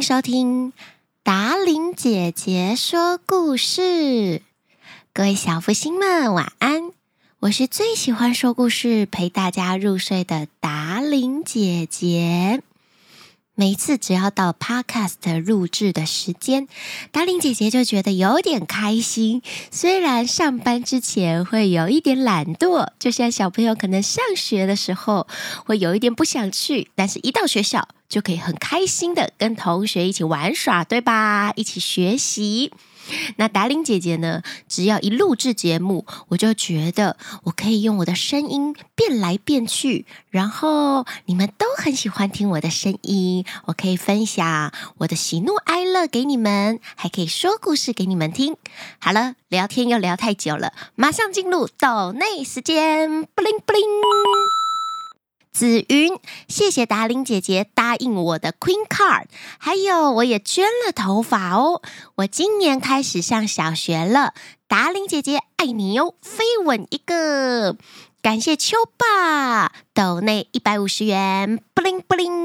歡迎收聽達伶姐姐說故事，各位小福星們晚安！我是最喜歡說故事陪大家入睡的達伶姐姐。每次只要到 podcast 錄製的時間，達伶姐姐就覺得有點開心。雖然上班之前會有一點懶惰，就像小朋友可能上學的時候會有一點不想去，但是一到學校就可以很開心的跟同學一起玩耍，對吧？一起學習。那達伶姐姐呢？只要一錄製節目，我就覺得我可以用我的聲音變來變去，然後你們都很喜歡聽我的聲音，我可以分享我的喜怒哀樂給你們，還可以說故事給你們聽。好了，聊天又聊太久了，馬上進入抖內時間，BlingBling。紫雲，謝謝達伶姐姐答應我的 Queen Card，還有我也捐了頭髮哦。我今年開始上小學了，達伶姐姐愛你喲，飛吻一個！感謝秋爸，抖內一百五十元，BlingBling。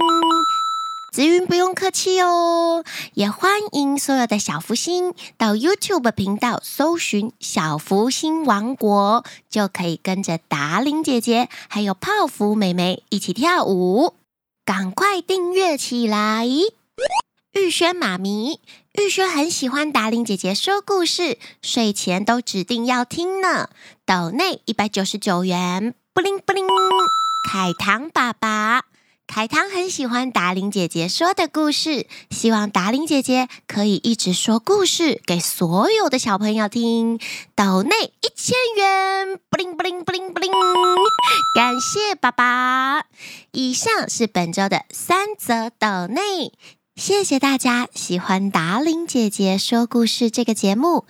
紫雲不用客氣哦，也歡迎所有的小芙星到 YouTube 頻道搜尋“小芙星王國”，就可以跟着達伶姐姐還有泡芙妹妹一起跳舞，趕快訂閱起來！玉軒媽咪，玉軒很喜歡達伶姐姐說故事，睡前都指定要聽呢。抖內一百九十九元，BlingBling，凱棠爸爸。凱棠很喜歡達伶姐姐說的故事，希望達伶姐姐可以一直說故事給所有的小朋友聽。抖內一千元，布靈布靈布靈布靈，感謝爸爸。以上是本周的三則抖內，謝謝大家喜歡達伶姐姐說故事這個節目。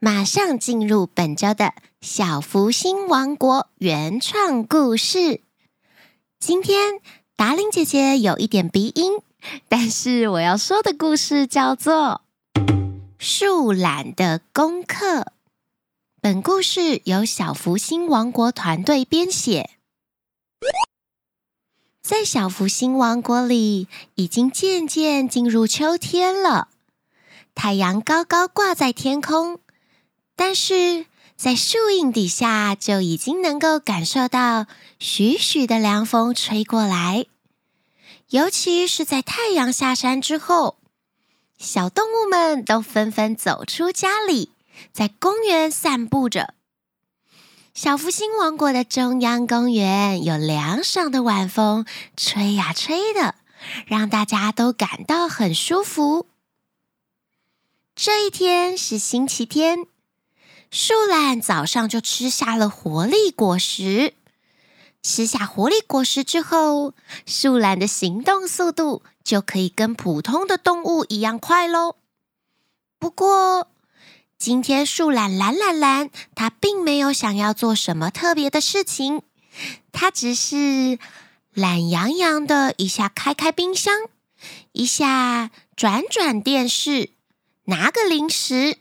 馬上進入本周的小芙星王國原創故事。今天達伶姐姐有一點鼻音，但是我要說的故事叫做《樹懶的功課》。本故事由小芙星王國團隊編寫。在小芙星王國裡，已經漸漸進入秋天了。太陽高高掛在天空，但是……在樹蔭底下，就已經能夠感受到徐徐的涼風吹過來。尤其是在太陽下山之後，小動物們都紛紛走出家裡，在公園散步着。小芙星王國的中央公園有涼爽的晚風吹呀吹的，讓大家都感到很舒服。這一天是星期天。樹懶早上就吃下了活力果實。吃下活力果實之後，樹懶的行動速度就可以跟普通的動物一樣快嘍。不過，今天樹懶懶懶懶，它並沒有想要做什麼特別的事情，它只是懶洋洋的一下開開冰箱，一下轉轉電視，拿個零食，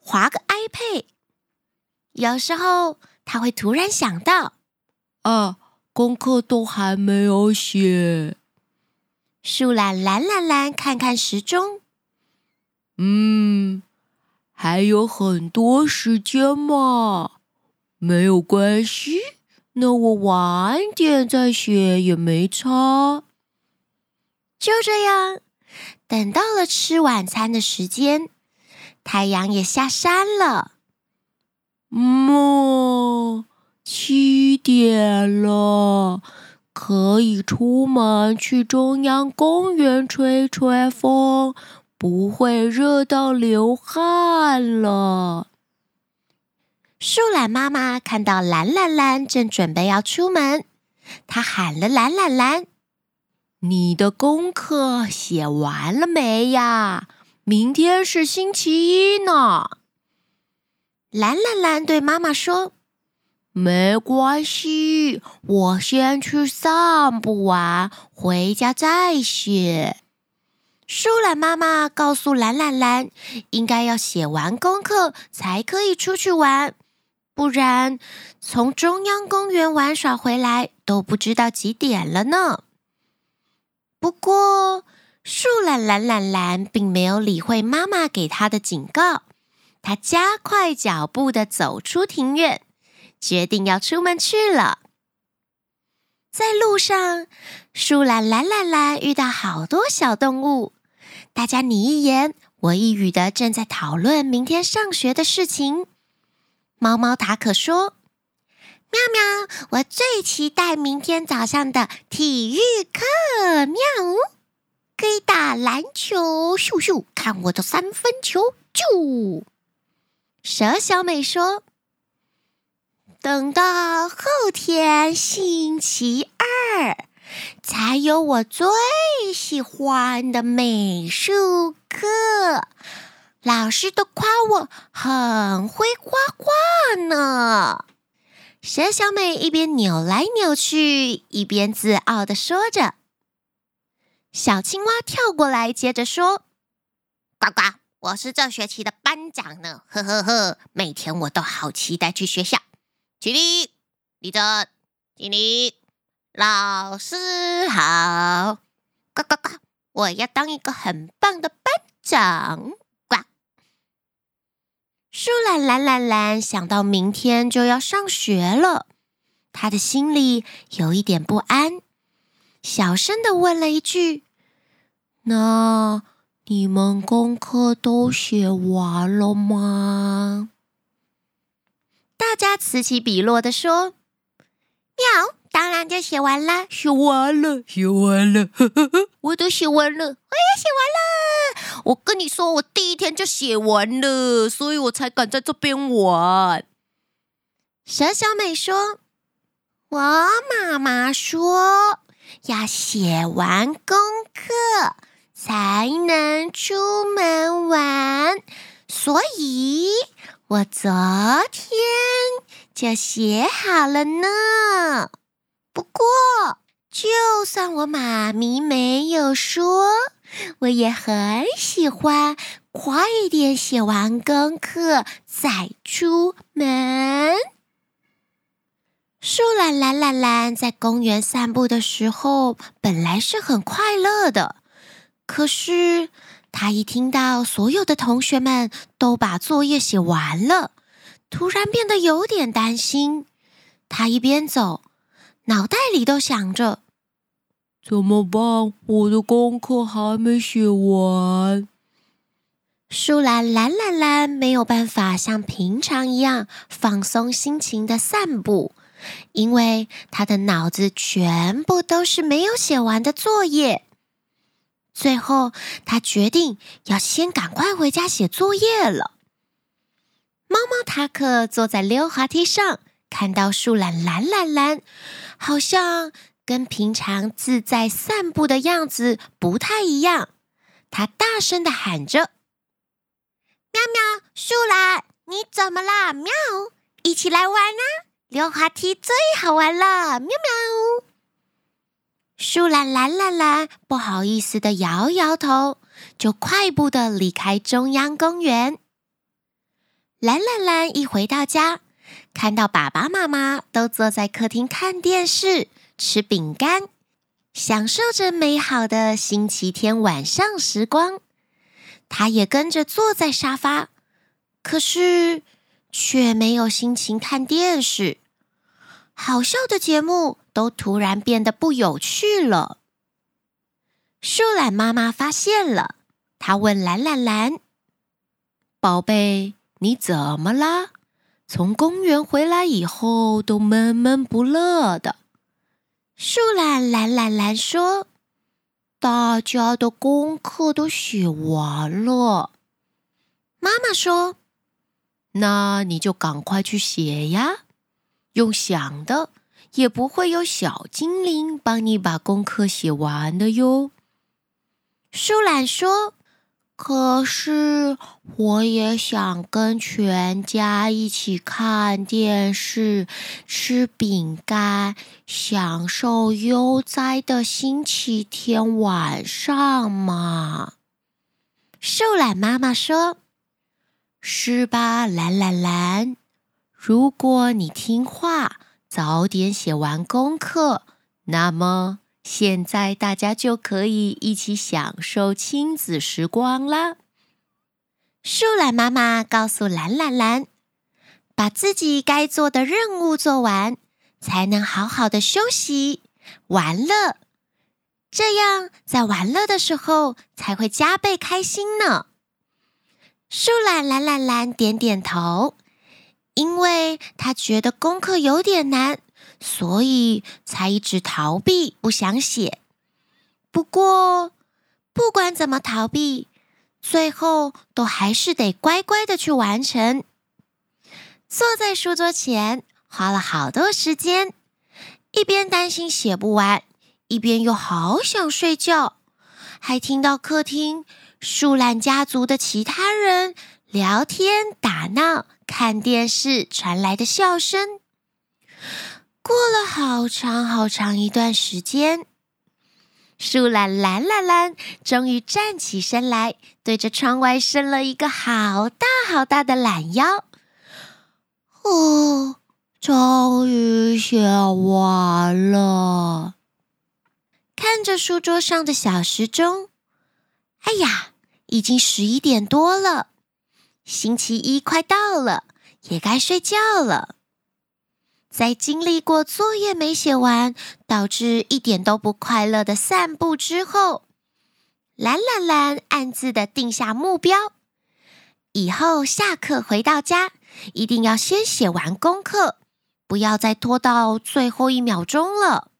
滑個 iPad。有時候他會突然想到：“啊，功課都還沒有寫。”樹懶懶懶懶，看看時鐘，嗯，還有很多時間嘛，沒有關係。那我晚點再寫也沒差。就這樣，等到了吃晚餐的時間，太陽也下山了。媽，七點了，可以出門去中央公園吹吹風，不會熱到流汗了。樹懶媽媽看到懶懶懶正準備要出門，她喊了懶懶懶：“你的功課寫完了沒呀？明天是星期一呢。”藍藍藍對媽媽說：“沒關係，我先去散步玩，回家再寫。”樹懶媽媽告訴藍藍藍：“應該要寫完功課才可以出去玩，不然從中央公園玩耍回來都不知道幾點了呢。”不過，樹懶藍藍藍並沒有理會媽媽給他的警告。他加快腳步地走出庭院，決定要出門去了。在路上，樹懶懶懶懶遇到好多小動物，大家你一言我一語地正在討論明天上學的事情。貓貓塔可說：“喵喵，我最期待明天早上的體育課，喵，可以打籃球。咻咻，看我的三分球，啾！”蛇小美說：“等到後天星期二，才有我最喜歡的美術課。老師都誇我很會畫畫呢。”蛇小美一邊扭來扭去，一邊自傲地說着。小青蛙跳過來，接着說：“呱呱，我是這學期的。”班長呢？呵呵呵，每天我都好期待去學校。起立，立正，敬禮。老師好，呱呱呱！我要當一個很棒的班長。呱。樹懶懶懶懶，想到明天就要上學了，他的心裡有一點不安，小聲的問了一句：“那？”你們功課都寫完了嗎？大家此起彼落的說：“呀，當然就寫完了，寫完了，寫完了，呵呵呵，我都寫完了，我也寫完了。我跟你說，我第一天就寫完了，所以我才敢在這邊玩。”蛇小美說：“我媽媽說要寫完功課。”才能出門玩，所以我昨天就寫好了呢。不過，就算我媽咪沒有說，我也很喜歡快一點寫完功課再出門。樹懶懶懶懶在公園散步的時候，本來是很快樂的。可是，他一聽到所有的同學們都把作業寫完了，突然變得有點擔心。他一邊走，腦袋裡都想着：“怎麼辦？我的功課還沒寫完。”樹懶懶懶懶沒有辦法像平常一樣放鬆心情地散步，因為他的腦子全部都是沒有寫完的作業。最後，他決定要先趕快回家寫作業了。貓貓塔克坐在溜滑梯上，看到樹懶懶懶懶，好像跟平常自在散步的樣子不太一樣。他大聲地喊着：“喵喵，樹懶，你怎麼啦？喵，一起來玩啊！溜滑梯最好玩了，喵喵。”樹懶懶懶懶，不好意思的搖搖頭，就快步的離開中央公園。懶懶懶一回到家，看到爸爸媽媽都坐在客廳看電視、吃餅乾，享受着美好的星期天晚上時光。他也跟着坐在沙發，可是卻沒有心情看電視，好笑的節目。都突然變得不有趣了。樹懶媽媽發現了，她問藍藍藍：“寶貝，你怎麼啦？從公園回來以後都悶悶不樂的。”樹懶藍藍藍說：“大家的功課都寫完了。”媽媽說：“那你就趕快去寫呀，用想的。”也不會有小精靈幫你把功課寫完的喲。樹懶說：“可是我也想跟全家一起看電視、吃餅乾，享受悠哉的星期天晚上嘛。”樹懶媽媽說：“是吧，懶懶懶？如果你聽話。”早點寫完功課，那麼現在大家就可以一起享受親子時光啦。樹懶媽媽告訴懶懶懶，把自己該做的任務做完，才能好好的休息、玩樂。這樣在玩樂的時候才會加倍開心呢。樹懶懶懶懶點點頭。因為他覺得功課有點難，所以才一直逃避，不想寫。不過，不管怎麼逃避，最後都還是得乖乖的去完成。坐在書桌前，花了好多時間，一邊擔心寫不完，一邊又好想睡覺，還聽到客廳樹懶家族的其他人。聊天打鬧，看電視傳來的笑聲。過了好長好長一段時間，樹懶懶懶懶終於站起身來，對着窗外伸了一個好大好大的懶腰。哦，終於寫完了。看着書桌上的小時鐘，哎呀，已經十一點多了。星期一快到了，也該睡覺了。在經歷過作業沒寫完，導致一點都不快樂的散步之後，懶懶懶暗自的定下目標：以後下課回到家，一定要先寫完功課，不要再拖到最後一秒鐘了。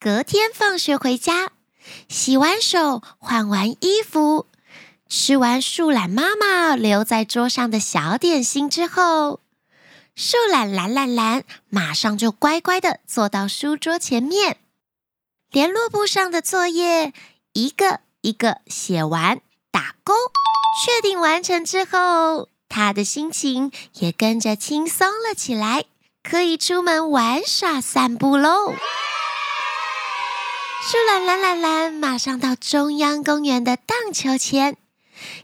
隔天放學回家，洗完手，換完衣服。吃完樹懶媽媽留在桌上的小點心之後，樹懶懶懶懶馬上就乖乖的坐到書桌前面，聯絡簿上的作業一個一個寫完，打勾，確定完成之後，他的心情也跟着輕鬆了起來，可以出門玩耍散步嘍。樹懶懶懶懶馬上到中央公園的盪秋千。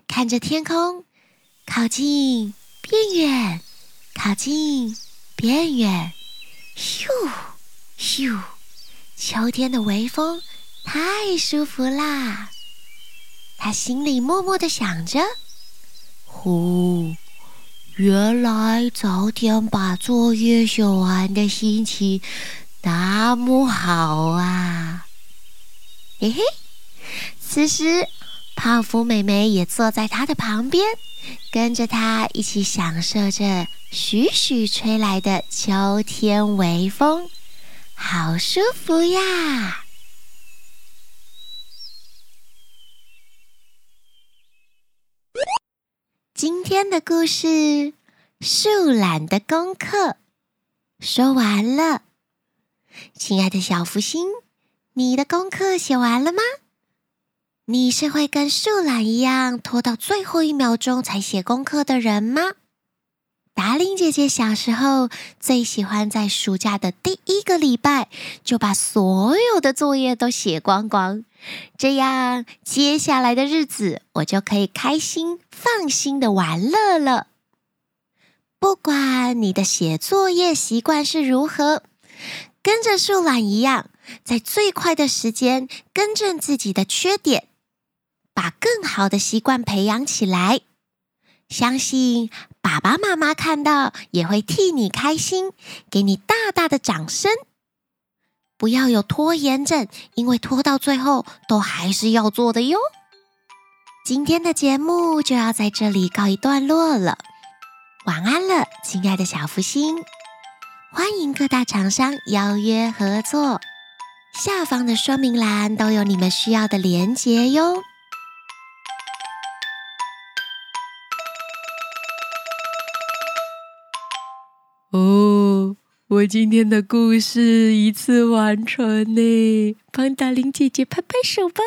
看着天空，靠近邊緣，靠近邊緣。咻，咻，秋天的微風太舒服啦！他心裡默默的想着：呼，原來早點把作業寫完的心情那麼好啊！嘿嘿，此時。泡芙妹妹也坐在他的旁邊，跟着他一起享受着徐徐吹來的秋天微風，好舒服呀！今天的故事《樹懶的功課》說完了。親愛的小芙星，你的功課寫完了嗎？你是會跟樹懶一樣拖到最後一秒鐘才寫功課的人嗎？達伶姐姐小時候最喜歡在暑假的第一個禮拜就把所有的作業都寫光光，這樣接下來的日子我就可以開心放心的玩樂了。不管你的寫作業習慣是如何，跟着樹懶一樣，在最快的時間更正自己的缺點。把更好的習慣培養起來，相信爸爸媽媽看到也會替你開心，給你大大的掌聲。不要有拖延症，因為拖到最後都還是要做的喲。今天的節目就要在這裡告一段落了，晚安了，親愛的小福星！歡迎各大廠商邀約合作，下方的說明欄都有你們需要的連接喲。我今天的故事一次完成呢？幫達伶姐姐拍拍手吧。